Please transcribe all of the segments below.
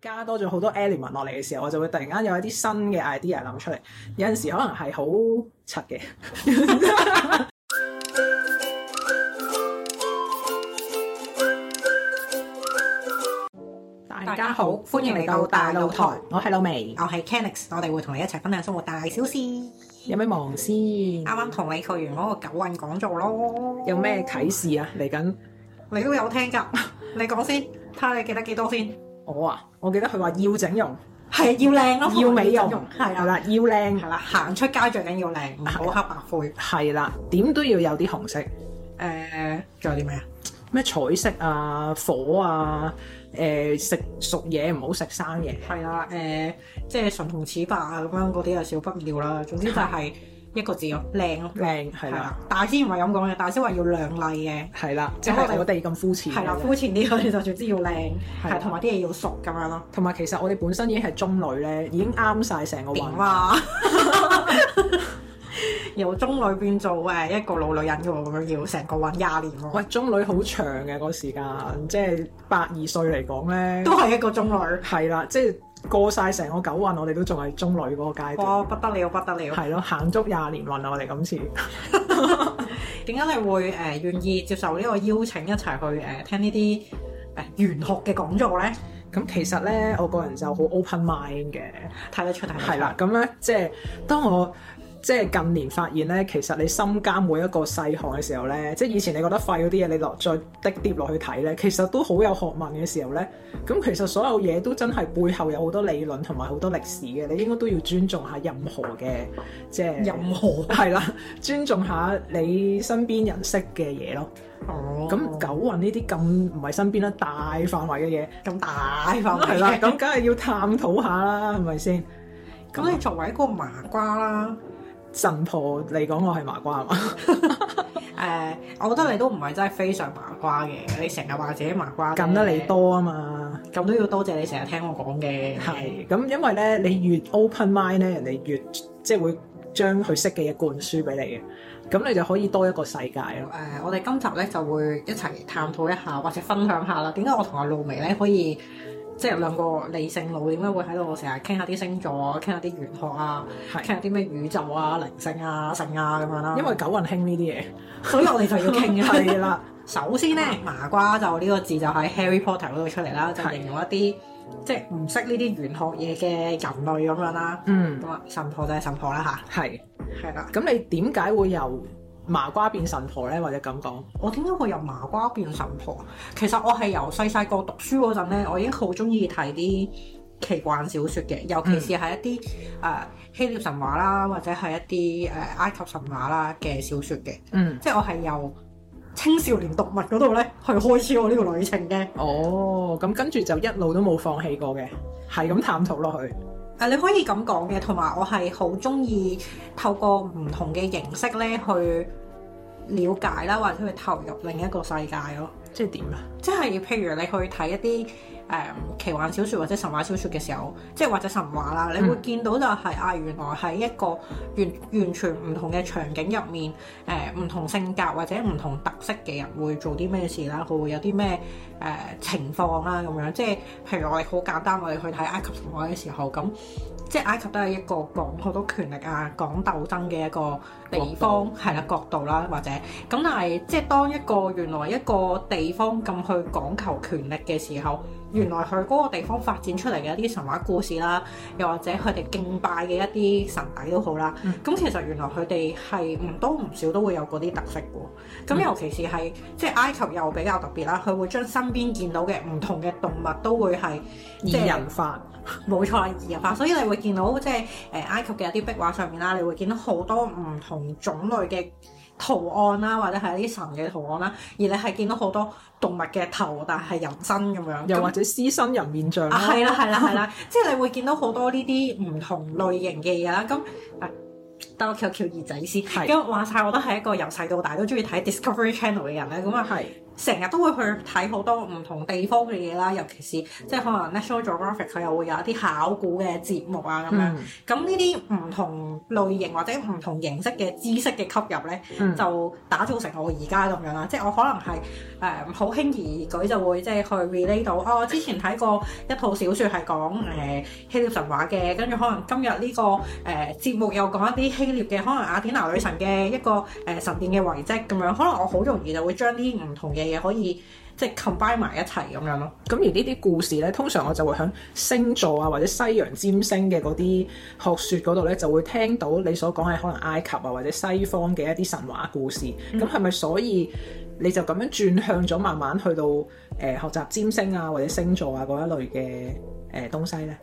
加多咗好多 element 落嚟嘅時候，我就會突然間有一啲新嘅 idea 諗出嚟。有陣時可能係好柒嘅。 大家好，歡迎嚟到大露台，我係露媚，我係 Kennix，我哋會同你一齊分享生活大小事。有咩忙先？啱啱同你去完嗰個九運講座咯。有咩啟示啊？嚟緊。 你都有聽㗎， 你講先，睇下你記得幾多先。我啊，我記得佢話要整容，係要靚咯，要美容，係啦，要靚，係啦，行出街最緊要靚，唔好黑白灰，係啦、啊，點、啊、都要有啲紅色。誒、呃，仲有啲咩啊？咩彩色啊，火啊，誒、呃、食熟嘢唔好食生嘢，係啦、嗯，誒即係唇紅齒白啊，咁、呃、樣嗰啲啊少不妙啦。總之就係、是。一個字咯，靚咯，靚係啦。大師唔係咁講嘅，大師話要靚麗嘅，係啦。即 係、啊就是、我哋咁膚淺，係啦、啊，膚淺啲。佢就總之要靚，係同埋啲嘢要熟咁樣咯。同埋其實我哋本身已經係中女咧，已經啱晒成個揾啦。十啊、 由中女變做誒一個老女人嘅喎，咁樣要成個揾廿年喎。喂，中女好長嘅、啊、個時間，即係八二歲嚟講咧，都係一個中女。係啦， 即 係。就是過晒成個九運，我哋都仲係中女嗰個階段。哇！不得了，不得了。係咯，行足廿年運啦，我哋今次。點解 你會誒、呃、願意接受呢個邀請一齊去誒、呃、聽呢啲誒玄學嘅講座咧？咁其實咧，我個人就好 open mind 嘅，睇、嗯、得出係啦。咁咧，即係當我。即係近年發現咧，其實你深究每一個細項嘅時候咧，即係以前你覺得廢嗰啲嘢，你落再滴啲落去睇咧，其實都好有學問嘅時候咧，咁其實所有嘢都真係背後有好多理論同埋好多歷史嘅，你應該都要尊重下任何嘅即係任何係啦，尊重下你身邊人識嘅嘢咯。哦，咁九運呢啲咁唔係身邊啦，大範圍嘅嘢，咁大範圍係 啦，咁梗係要探討下啦，係咪先？咁你作為一個麻瓜啦～神婆你講，我係麻瓜係嘛？誒 ，uh, 我覺得你都唔係真係非常麻瓜嘅，你成日話自己麻瓜，近得你多啊嘛，咁都要多謝你成日聽我講嘅。係的，咁的因為咧，你越 open mind 咧，人哋越即係會將佢識嘅嘢灌輸俾你嘅，咁你就可以多一個世界咯。誒，uh, 我哋今集咧就會一齊探討一下，或者分享下啦。點解我同阿露媚咧可以？即係兩個理性腦點解會喺度成日傾下啲星座啊，傾下啲玄學啊，傾下啲咩宇宙啊、靈性啊、性啊咁樣啦、啊。因為九運興呢啲嘢，所以我哋就要傾佢啦。 首先咧，麻瓜就呢、呢個字就喺 Harry Potter 嗰度出嚟啦，的就形容一啲即係唔識呢啲玄學嘢嘅人類咁樣啦、啊。嗯，咁啊神婆就係神婆啦吓，係係啦。咁的你點解會由？麻瓜變神婆咧，或者咁講，我點解會由麻瓜變神婆？其實我係由細細個讀書嗰陣咧，我已經好中意睇啲奇幻小説嘅，尤其是係一啲誒、嗯呃、希臘神話啦，或者係一啲誒、呃、埃及神話啦嘅小説嘅。嗯，即係我係由青少年讀物嗰度咧，去開始我呢個旅程嘅。哦，咁跟住就一路都冇放棄過嘅，係咁探討落去。誒你可以咁講嘅，同埋我係好鍾意透過唔同嘅形式咧去了解啦，或者去投入另一個世界咯。即係點啊？即係譬如你去睇一啲。誒、um, 奇幻小説或者神話小説嘅時候，即係或者神話啦，你會見到就係、是、啊，原來喺一個完完全唔同嘅場景入面，誒、呃、唔同性格或者唔同特色嘅人會做啲咩事啦，佢會有啲咩誒情況啦咁樣，即係譬如我哋好簡單，我哋去睇埃及神話嘅時候，咁即係埃及都係一個講好多權力啊、講鬥爭嘅一個地方，係角度啦角度啦或者咁，但係即係當一個原來一個地方咁去講求權力嘅時候。原來佢嗰個地方發展出嚟嘅一啲神話故事啦，又或者佢哋敬拜嘅一啲神祇都好啦。咁、嗯、其實原來佢哋係唔多唔少都會有嗰啲特色嘅。咁尤其是係、嗯、即係埃及又比較特別啦，佢會將身邊見到嘅唔同嘅動物都會係擬人化。冇 錯，擬人化。所以你會見到即係埃及嘅一啲壁畫上面啦，你會見到好多唔同種類嘅圖案啦，或者係一啲神嘅圖案啦，而你係見到好多動物嘅頭，但係人身咁樣，又或者獅身人面像啦。係啦、啊，係啦、啊，係啦、啊，啊啊啊、 即係你會見到好多呢啲唔同類型嘅嘢啦。咁得、啊、我 Q Q 二仔先，是因為話晒，我都係一個由細到大都中意睇 Discovery Channel 嘅人咧。咁啊係。成日都會去睇好多唔同地方嘅嘢啦，尤其是即係可能 National Geographic，佢又會有一啲考古嘅節目啊咁、嗯、樣咁呢啲唔同類型或者唔同形式嘅知識嘅吸入咧，嗯、就打造成我而家咁樣啦。即係我可能係誒好輕而易舉就會即係去 relate 到哦，之前睇過一套小說係講誒、呃、希臘神話嘅，跟住可能今日呢、這個誒、呃、節目又講一啲希臘嘅，可能雅典娜女神嘅一個誒神殿嘅遺迹咁樣，可能我好容易就會將啲唔同嘅。可以即係 combine 埋一齊咁樣咯。咁而呢啲故事呢，通常我就會響星座啊或者西洋占星嘅嗰啲學說嗰度呢，就會聽到你所講嘅可能埃及啊或者西方嘅一啲神話故事。咁係咪所以你就咁樣轉向咗，慢慢去到誒、呃、學習占星啊或者星座啊嗰一類嘅誒東西呢？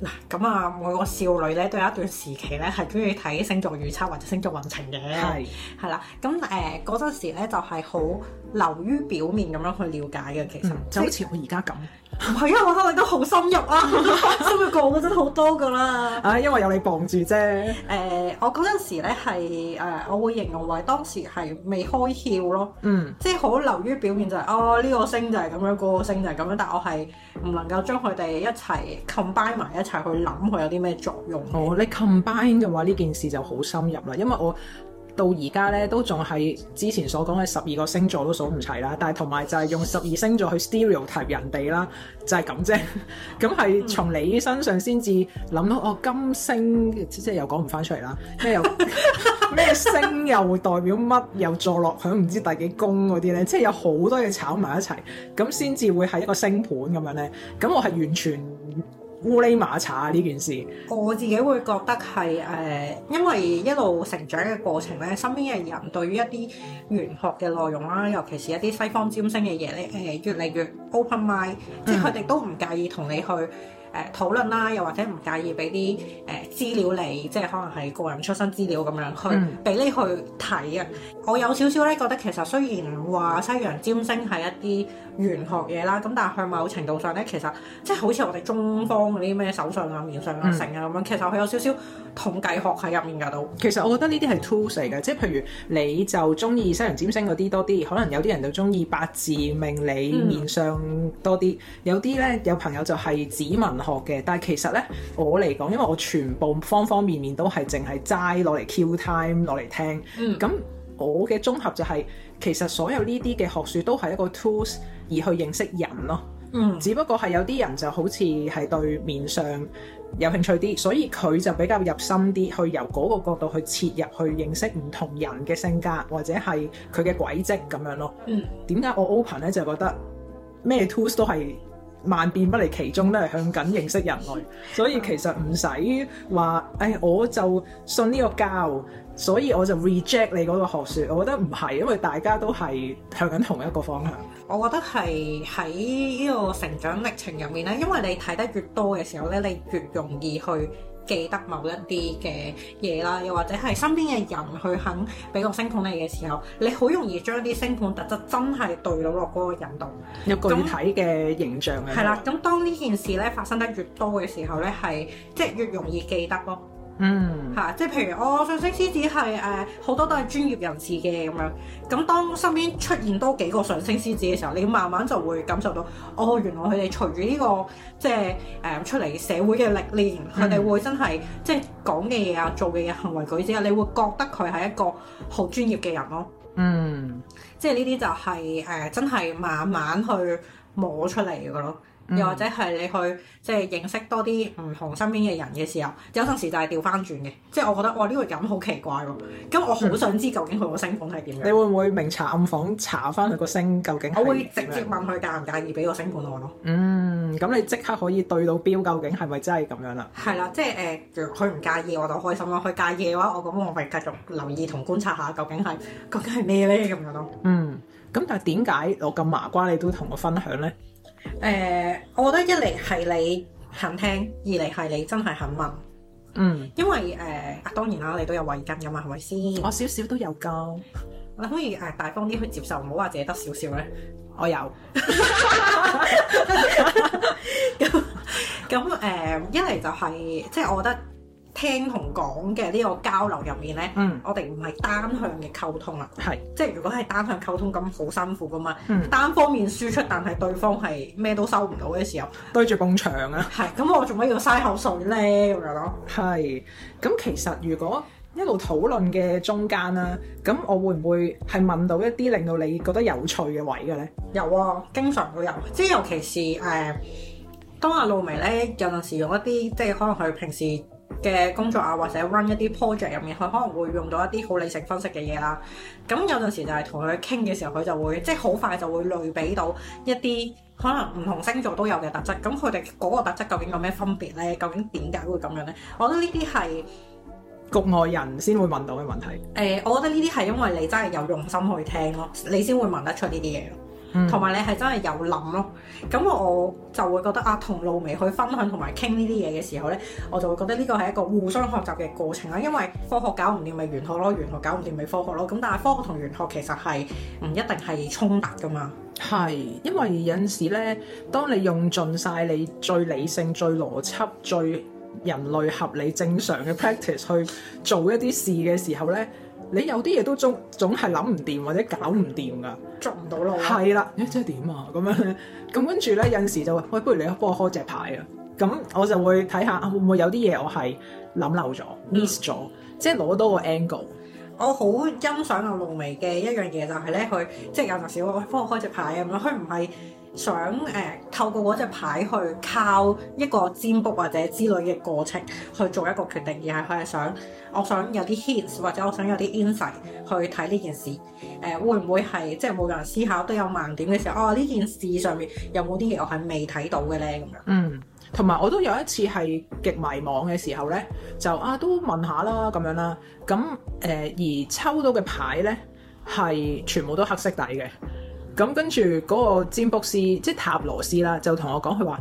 嗱、嗯，咁啊，每個少女呢，都有一段時期呢，係中意睇星座預測或者星座運程嘅，係係啦。咁誒嗰陣時呢，就係、是、好。流於表面咁樣去了解嘅，其實就好似我而家咁。唔係啊，我覺得你都好深入啊， 深入過我真好多㗎啦。誒、啊，因為有你傍住啫。誒、呃，我嗰陣時咧係誒，我會形容為當時係未開竅咯。嗯，即係好流於表面就係、是、哦，呢、這個星就係咁樣，嗰、那個星就係咁樣，但係我係唔能夠將佢哋一齊 combine 埋一齊去諗佢有啲咩作用。哦，你 combine 嘅話，呢件事就好深入啦，因為我。到而家咧都仲係之前所講嘅十二個星座都數唔齊啦，但係同埋就係用十二星座去 stereotype 人哋啦，就係咁啫。咁 係從你身上先至諗到哦，金星即係又講唔翻出嚟啦，咩咩 星又代表乜，又坐落響唔知第幾宮嗰啲咧，即係有好多嘢炒埋一齊，咁先至會係一個星盤咁樣咧。咁我係完全。烏哩馬茶呢件事，我自己會覺得係誒、呃，因為一路成長嘅過程咧，身邊嘅人對於一啲玄學嘅內容啦，尤其是一啲西方占星嘅嘢咧，誒、呃、越嚟越 open mind，即係佢哋都唔介意同你去。誒討論啦，又或者唔介意俾啲誒資料你，即係可能係個人出身資料咁樣去俾、嗯、你去睇啊。我有少少咧覺得其實雖然話西洋占星係一啲玄學嘢啦，咁但係喺某程度上咧，其實即係好似我哋中方嗰啲咩手相啊、面相啊、成啊咁樣，其實佢有少少統計學喺入面㗎都。嗯、其實我覺得呢啲係 tools 嚟嘅，即係譬如你就鍾意西洋占星嗰啲多啲，可能有啲人就鍾意八字命理、嗯、面相多啲，有啲咧有朋友就係指紋學嘅，但係其實咧，我嚟講，因為我全部方方面面都係淨係齋攞嚟 kill time 攞嚟聽，咁、嗯、我嘅綜合就係、是，其實所有呢啲嘅學術都係一個 tools 而去認識人咯，嗯、只不過係有啲人就好似係對面相有興趣啲，所以佢就比較入心啲，去由嗰個角度去切入去認識唔同人嘅性格或者係佢嘅軌跡咁樣咯，嗯，點解我 open 咧就覺得咩 tools 都係。萬變不離其宗，都係向緊認識人類，所以其實唔使話，誒我就信呢個教，所以我就 reject 你嗰個學説，我覺得唔係，因為大家都係向緊同一個方向。我覺得係喺呢個成長歷程入面咧，因為你睇得越多嘅時候咧，你越容易去。記得某一啲嘅嘢啦，又或者係身邊嘅人去肯俾個星盤你嘅時候，你好容易將啲星盤特質真係對到落嗰個人度。有具體嘅形象係啦。咁當呢件事咧發生得越多嘅時候咧，係即係越容易記得咯。嗯，吓、啊，即係譬如我、哦、上升獅子係誒好多都係專業人士嘅咁樣，咁當身邊出現多幾個上升獅子嘅時候，你慢慢就會感受到，哦，原來佢哋隨住呢個即係誒出嚟社會嘅歷練，佢哋會真係即係講嘅嘢啊、做嘅嘢、行為舉止啊，你會覺得佢係一個好專業嘅人咯。嗯，即係呢啲就係、是、誒、呃、真係慢慢去摸出嚟嘅咯。又或者係你去即係認識多啲唔同身邊嘅人嘅時候，有陣時就係調翻轉嘅。即係我覺得哇，呢、呢個人好奇怪喎。咁我好想知究竟佢個星盤係點樣。你會唔會明查暗訪查翻佢個星究竟？我會直接問佢介唔介意俾個星盤我咯。我嗯，咁你即刻可以對到標，究竟係咪真係咁樣啦？係啦，即係誒，佢、呃、唔介意我就開心咯。佢介意嘅話，我覺得我咪繼續留意同觀察下，究竟係究竟係咩咧咁樣咯。嗯，咁但係點解我咁麻瓜你都同我分享咧？誒，uh, 我覺得一嚟係你肯聽，二嚟係你真係肯問，嗯，因為誒，uh, 當然啦，你都有慧根噶嘛，係咪先？我少少都有噶，你可以誒大方啲去接受，唔好話自己得少少咧，我有，咁咁誒，一嚟就係、是，即係我覺得。聽同講嘅呢個交流入面呢，嗯、我哋唔係單向嘅溝通啦，是即係如果係單向溝通咁好辛苦噶嘛，嗯、單方面輸出，但係對方係咩都收唔到嘅時候，對住埲牆啊，係咁我做乜要嘥口水呢？咁樣咯，係咁其實如果一路討論嘅中間啦，咁我會唔會係問到一啲令到你覺得有趣嘅位嘅呢？有啊、哦，經常會有，即係尤其是誒，當、呃、阿露媚呢，有陣時用一啲即係可能佢平時嘅工作啊，或者 run 一啲 project 入面，佢可能會用到一啲好理性分析嘅嘢啦。咁有陣時就係同佢傾嘅時候，佢就會，即係好快就會類比到一啲可能唔同星座都有嘅特質。咁佢哋嗰個特質究竟有咩分別咧？究竟點解會咁樣咧？我覺得呢啲係局外人先會問到嘅問題。誒、欸，我覺得呢啲係因為你真係有用心去聽咯，你先會問得出呢啲嘢。同埋、嗯、你係真係有諗咯，咁我就會覺得啊，同露媚去分享同埋傾呢啲嘢嘅時候呢，我就會覺得呢個係一個互相學習嘅過程啦。因為科學搞唔掂咪玄學咯，玄學搞唔掂咪科學咯。咁但係科學同玄學其實係唔一定係衝突噶嘛。係，因為有陣時呢，當你用盡晒你最理性、最邏輯、最人類合理正常嘅 practice 去做一啲事嘅時候呢。你有啲嘢都總總係諗唔掂或者搞唔掂㗎，捉唔到路。係啦，咦、欸，即係點啊？咁樣咁跟住咧，有陣時就話，喂、哎，不如你幫我開隻牌啊！咁我就會睇下會唔會有啲嘢我係諗漏咗、miss 咗，嗯、即係攞多個 angle。我好欣賞阿露媚嘅一樣嘢就係、是、咧，佢即係有陣時話幫我，我開隻牌咁咯，佢唔係想誒、呃、透過嗰隻牌去靠一個占卜或者之類嘅過程去做一個決定，而係佢係想。我想有啲 hints 或者我想有啲 insight 去睇呢件事，誒、呃、會唔會係即係每個人思考都有盲點嘅時候？哦，呢件事上面有冇啲嘢我係未睇到嘅咧咁樣，嗯，同埋我都有一次係極迷茫嘅時候咧，就啊都問下啦咁樣啦。咁誒、呃、而抽到嘅牌咧係全部都黑色底嘅。咁跟住嗰個占卜師即係塔羅師啦，就同我講，佢話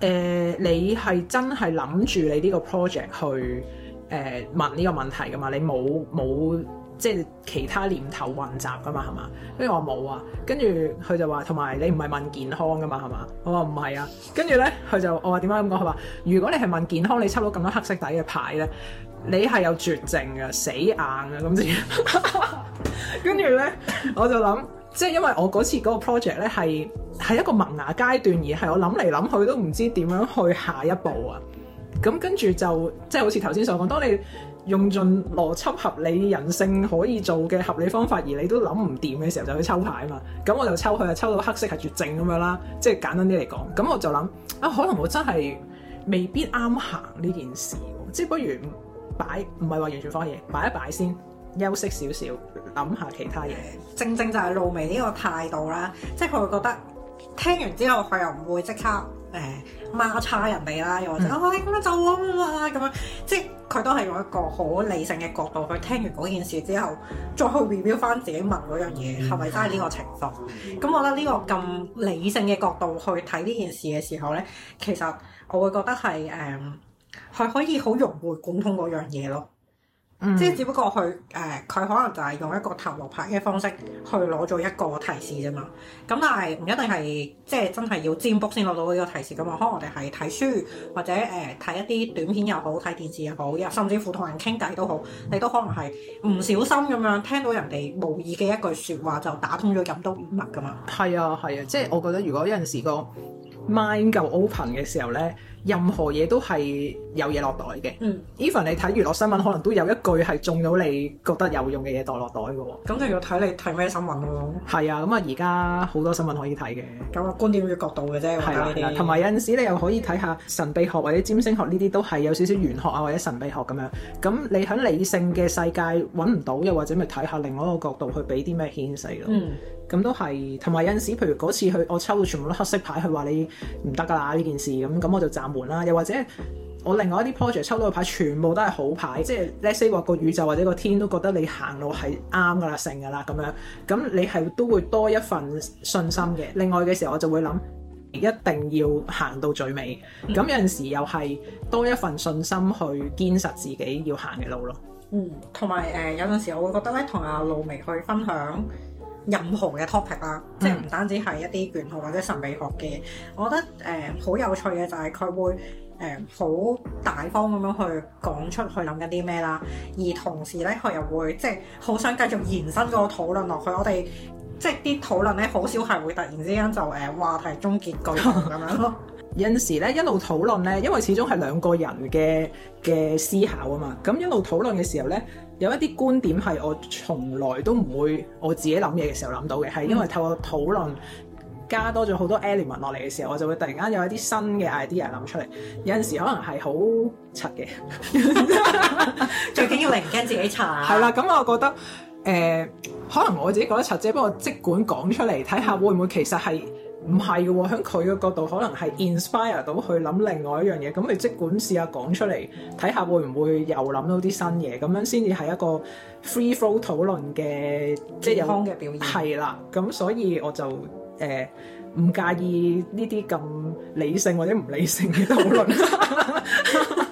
誒你係真係諗住你呢個 project 去。誒問呢個問題噶嘛？你冇冇即係其他念頭混雜噶嘛？係嘛？跟住我冇啊。跟住佢就話，同埋你唔係問健康噶嘛？係嘛？我話唔係啊。跟住咧，佢就我話，點解咁講？佢話如果你係問健康，你抽到咁多黑色底嘅牌咧，你係有絕症啊，死硬啊。咁子。跟住咧，我就諗，即係因為我嗰次嗰個 project 咧係係一個萌芽階段，而係我諗嚟諗去都唔知點樣去下一步啊。咁跟住就即係好似頭先所講，當你用盡邏輯合理人性可以做嘅合理方法，而你都諗唔掂嘅時候，就去抽牌嘛。咁我就抽佢啊，抽到黑色係絕症咁樣啦，即係簡單啲嚟講。咁我就諗啊，可能我真係未必啱行呢件事，即係不如擺，唔係話完全放棄，擺一擺先，休息少少，諗下其他嘢。正正就係露媚呢個態度啦，即係佢會覺得聽完之後，佢又唔會即刻。誒媽叉人哋啦，又、嗯嗯、或者啊咁、哎、樣就咁啊咁樣，即係佢都係用一個好理性嘅角度去聽完嗰件事之後，再去 review 翻自己問嗰樣嘢係咪真係呢個情況？咁、 嗯、我覺得呢個咁理性嘅角度去睇呢件事嘅時候咧，其實我會覺得係誒佢可以好融會貫通嗰樣嘢咯。即係、嗯、只不過佢誒，佢、呃、可能就係用一個塔羅牌嘅方式去攞咗一個提示啫嘛。咁但係唔一定係即係真係要占卜先攞到呢個提示噶嘛。可能我哋係睇書或者誒睇、呃、一啲短片又好，睇電視又好，甚至乎同人傾偈都好，你都可能係唔小心咁樣聽到人哋無意嘅一句說話就打通咗任督二脈噶嘛。係啊係啊，即係我覺得如果有陣時個 mind 夠 open 嘅時候咧。任何嘢都係有嘢落袋嘅。嗯，even 你睇娛樂新聞，可能都有一句係中到你覺得有用嘅嘢袋落袋嘅。咁就要睇你睇咩新聞咯。係啊，咁啊而家好多新聞可以睇嘅。咁啊觀點嘅角度嘅啫，覺得係啊，同埋、啊、有陣時你又可以睇下神秘學或者占星學呢啲，都係有少少玄學啊或者神秘學咁樣。咁你喺理性嘅世界揾唔到，又或者咪睇下另外一個角度去俾啲咩顯示咯。嗯。咁都係，同埋有陣時，譬如嗰次佢我抽到全部都黑色牌，佢話你唔得㗎啦呢件事，咁咁我就暫。又或者我另外一啲 project 抽到嘅牌全部都係好牌，即係 let’s say 個個宇宙或者個天都覺得你行路係啱噶啦，成噶啦咁樣，咁你係都會多一份信心嘅。另外嘅時候，我就會諗一定要行到最尾。咁有陣時又係多一份信心去堅實自己要行嘅路咯。嗯，同埋誒有陣、呃、時我會覺得咧，同阿露媚去分享。任何嘅 topic 啦，即係唔單止係一啲玄學或者神秘學嘅嘢，嗯、我覺得誒好、呃、有趣嘅就係佢會誒好、呃、大方咁樣去講出去諗緊啲咩啦，而同時咧佢又會即係好想繼續延伸個討論落去，我哋即係啲討論咧好少係會突然之間就誒、呃、話題終結句咁樣咯。 有陣時咧一路討論咧，因為始終係兩個人嘅嘅思考啊嘛。咁一路討論嘅時候咧，有一啲觀點係我從來都唔會我自己諗嘢嘅時候諗到嘅，係因為透過討論加多咗好多 element 落嚟嘅時候，我就會突然間有一啲新嘅 idea 諗出嚟。有陣時可能係好柒嘅，最緊要你唔驚自己查。係啦， 咁我覺得誒、呃，可能我自己覺得柒啫。儘看看會不過即管講出嚟，睇下會唔會其實係。唔係喎，喺佢嘅角度可能係 inspire 到去諗另外一樣嘢，咁你即管試下講出嚟，睇下會唔會又諗到啲新嘢，咁樣先至係一個 free flow 討論嘅健康嘅表現。係啦，咁 所以我就誒唔、呃、介意呢啲咁理性或者唔理性嘅討論。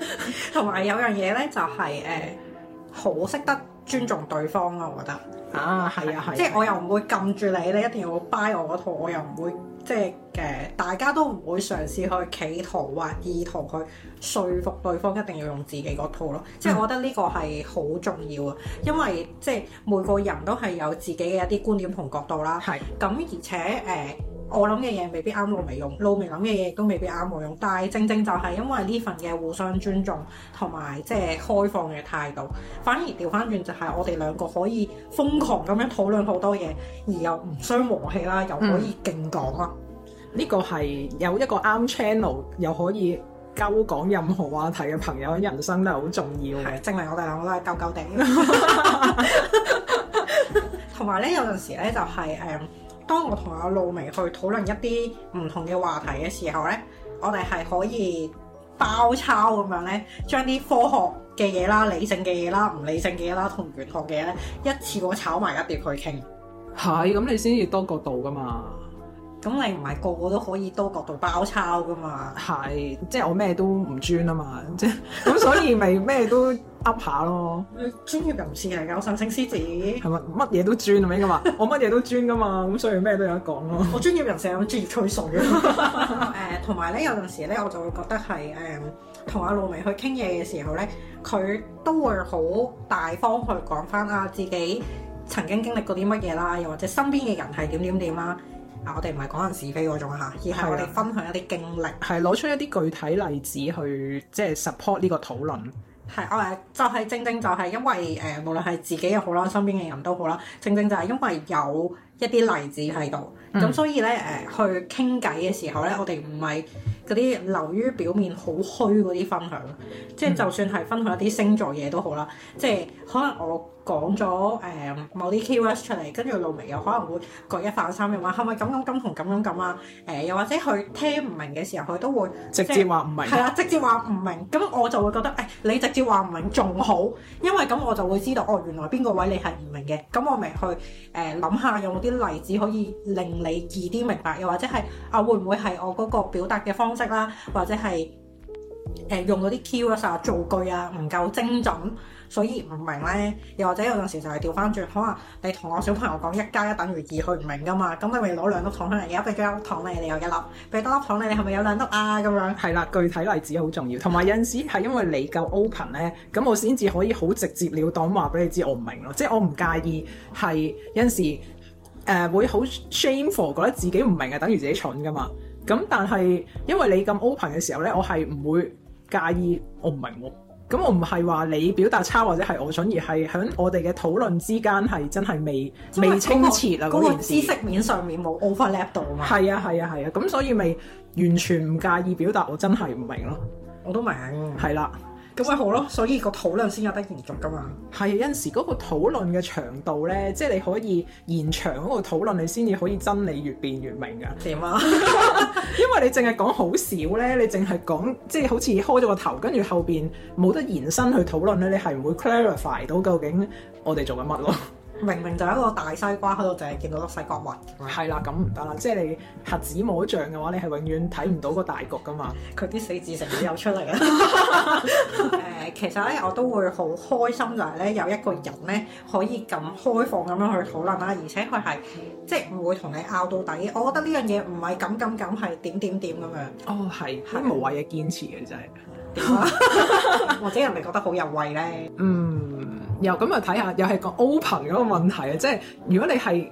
同 埋 有樣嘢咧，就係誒好識得尊重對方咯，我覺得。啊，係啊，係、啊。即係、啊、我又唔會撳住你， 你一定要 buy 我嗰套，我又唔會。即係誒、呃，大家都唔會嘗試去企圖或意圖去説服對方一定要用自己嗰套咯。即係我覺得呢個係好重要啊，因為即係每個人都係有自己嘅一啲觀點同角度啦。係的，咁而且誒。呃我諗嘅嘢未必啱我未用，露媚諗嘅嘢都未必啱我用，但係正正就係因為呢份嘅互相尊重同埋即係開放嘅態度，反而調返轉就係我哋兩個可以瘋狂咁樣討論好多嘢，而又唔傷和氣啦，又可以勁講啦。呢個係有一個啱 channel 又可以交講任何話題嘅朋友，人生都係好重要嘅。 證明我哋兩個都係夠夠哋。同埋咧，有陣時咧就係、是、誒。Um, 當我同阿露媚去討論一啲唔同嘅話題嘅時候咧，我哋係可以包抄咁樣咧，將啲科學嘅嘢啦、理性嘅嘢啦、唔理性嘅嘢啦同玄學嘅嘢咧，一次過炒埋一碟去傾。係，咁你先至多角度噶嘛。咁你唔係個個都可以多角度包抄噶嘛？係，即係我咩都唔專啊嘛， 即係咁所以咪咩都噏下咯。 專業人士係搞神聖獅子，係咪乜嘢都專咁樣噶嘛？我乜嘢都專噶嘛，咁所以咩都有得講咯。我專業人士有專業吹水。誒，同埋咧，有陣時咧，我就會覺得係誒，同、嗯、阿露媚去傾嘢嘅時候咧，佢都會好大方去講翻啊自己曾經經歷過啲乜嘢啦，又或者身邊嘅人係點點點啦。啊！我哋唔係講人是非嗰種吓，而係我哋分享一啲經歷，係攞出一啲具體例子去即係 support 呢個討論。係，我、呃、係就係、是、正正就係因為誒、呃，無論係自己又好啦，身邊嘅人都好啦，正正就係因為有一啲例子喺度，咁、嗯、所以咧誒、呃、去傾偈嘅時候咧，我哋唔係嗰啲流於表面好虛嗰啲分享，即係就算係分享一啲星座嘢都好啦，嗯、即係可能。我。講咗誒某啲 key words 出嚟，跟住露媚又可能會舉一反三嘅話，係咪咁咁咁同咁咁咁啊？誒、呃、又或者佢聽唔明嘅時候，佢都會直接話唔明，係啊，直接話唔明。咁我就會覺得誒、欸，你直接話唔明仲好，因為咁我就會知道哦，原來邊個位你係唔明嘅。咁我咪去誒諗、呃、下用啲例子可以令你易啲明白，又或者係啊，會唔會係我嗰個表達嘅方式啦，或者係誒、呃、用嗰啲 key words 啊、造句啊唔夠精準。所以唔明咧，又或者有陣時就係調翻轉。可能你同我小朋友講一加一等於二，佢唔明噶嘛。咁你咪攞兩粒糖出嚟，而家俾一粒粒糖你，你有一粒，俾多粒糖你，你係咪有兩粒啊？咁樣。係啦，具體例子好重要。同埋有陣時係因為你夠 open 咧，咁我先至可以好直接了當話俾你知我唔明咯。即係我唔介意係有陣時誒，呃，會好 shameful 覺得自己唔明係等於自己蠢噶嘛。咁但係因為你咁 open 嘅時候咧，我係唔會介意我唔明。咁我唔係話你表達差，或者係我蠢，而係喺我哋嘅討論之間係真係未真係未清澈啦，嗰個知識面上面冇 overlap 到啊嘛。係啊係啊係啊，咁所以咪完全唔介意表達，我真係唔明咯。我都明。係 啦。咁咪好咯，所以個討論先有得延續噶嘛。係，有陣時嗰個討論嘅長度咧，即係你可以延長嗰個討論，你先至可以真理越變越明㗎。點行啊？ 因為你淨係講好少咧，你淨係講即係好似開咗個頭，跟住後邊冇得延伸去討論咧，你係唔會 clarify 到究竟我哋做緊乜咯？ 明明就係一個大西瓜西，喺度淨係見到粒細角核。係啦，咁唔得啦，即係你核子摸象嘅話，你係永遠睇唔到個大局噶嘛。佢啲四字成語又出嚟啦。誒、 呃，其實咧我都會好開心，就係咧有一個人咧可以咁開放咁樣去討論啦，而且佢係即係唔會同你拗到底。我覺得呢樣嘢唔係咁咁咁係點點點咁樣。樣樣樣樣哦，係，係是 無謂嘅堅持嘅真係。嗯、 或者人哋覺得好有味咧。嗯。又咁啊！睇下又係個 open 嗰個問題啊！嗯、即係如果你係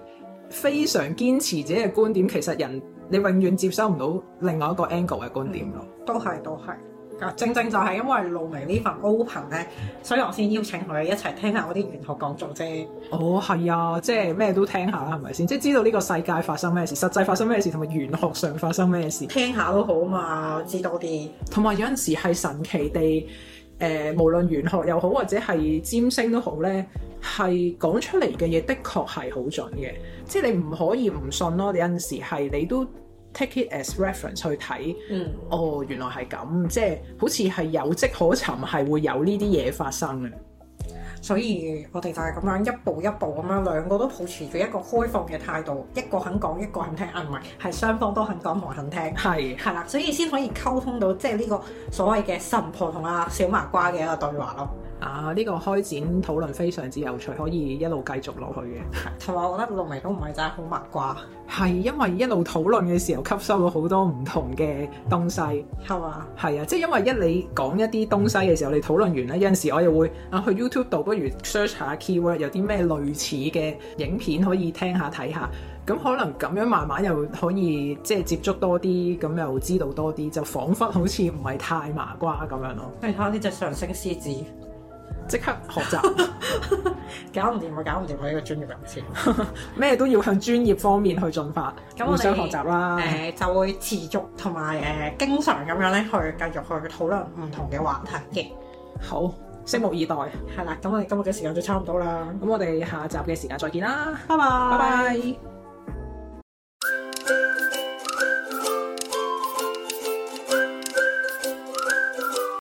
非常堅持自己嘅觀點，其實人你永遠接收唔到另外一個 angle 嘅觀點咯、嗯。都係都係，啊正正就係因為露媚呢份 open 咧，所以我先邀請佢一齊聽下我啲玄學講座啫。哦，係啊，即係咩都聽下，係咪先？即係知道呢個世界發生咩事，實際發生咩事，同埋玄學上發生咩事，聽下都好啊嘛，知道啲。同埋有陣時係神奇地。誒、呃，無論玄學又好，或者係占星都好咧，係講出嚟嘅嘢，的確係好準嘅。即係你唔可以唔信咯。有陣時係你都 take it as reference 去睇，嗯、哦，原來係咁，即係好似係有跡可尋，係會有呢啲嘢發生嘅。所以我哋就係咁樣一步一步咁樣，兩個都保持住一個開放嘅態度，一個肯講，一個肯聽啊，唔係，係雙方都肯講同肯聽，係係啦，所以先可以溝通到，即係呢個所謂嘅神婆同阿小麻瓜嘅一個對話咯。啊！呢個開展討論非常之有趣，可以一路繼續落去嘅。同埋，我覺得露媚都唔係真係好麻瓜。係因為一路討論嘅時候，吸收咗好多唔同嘅東西，係嘛？係啊，即係因為一你講一啲東西嘅時候，你討論完咧，有陣時我又會啊去 YouTube 度，不如 search 下 keyword，有啲咩類似嘅影片可以聽下睇下。咁可能咁樣慢慢又可以即係接觸多啲，咁又知道多啲，就仿佛好似唔係太麻瓜咁樣咯。你睇下呢隻上升獅子。即刻學習， 搞唔掂我，搞唔掂我呢個專業人士，咩 都要向專業方面去進發。咁我想學習啦，誒、呃、就會持續同埋誒經常咁樣咧去繼續去討論唔同嘅話題嘅。的好，拭目以待。係啦，咁我哋今日嘅時間就差唔多啦。咁我哋下集嘅時間再見啦，拜拜 bye。Bye bye